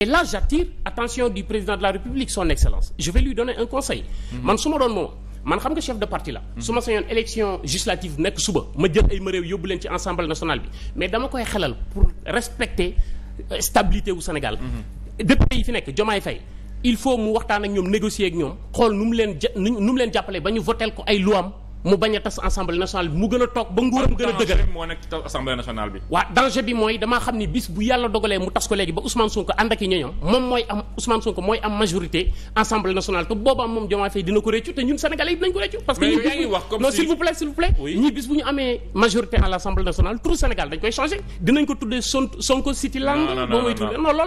et là j'attire attention du président de la République son excellence je vais lui donner un conseil mhm. man su ma doon moom man xam nga chef de parti la mhm. su ma sañoon élection législative nekk suba ma jël ay maréew yóbbu leen ci assemblée nationale bi mais dama koy xelal pour respecter euh, stabilité wu Sénégal mhm. député yi fi nekk Diomaye fay il faut mu waxtaan ak ñoom négocier ak ñoom xool nu mu leen nu mu leen jàppale ba ñu votel ko ay luwaam mu bañ tas assemblée nationale bi mu gën a toog ba nguuram gën a dëgër tas assemblée nationale bi waaw danger bi mooy damaa xam ni bis bu yàlla dogalee mu tas ko léegi ba Ousmane Sonko ànd ak i ñoñom moom mooy am Ousmane Sonko mooy am majorité assemblée nationale te Sénégal dañ koy changer dinañ ko tuddee Sonko City Land boo mooy tuddee non loolu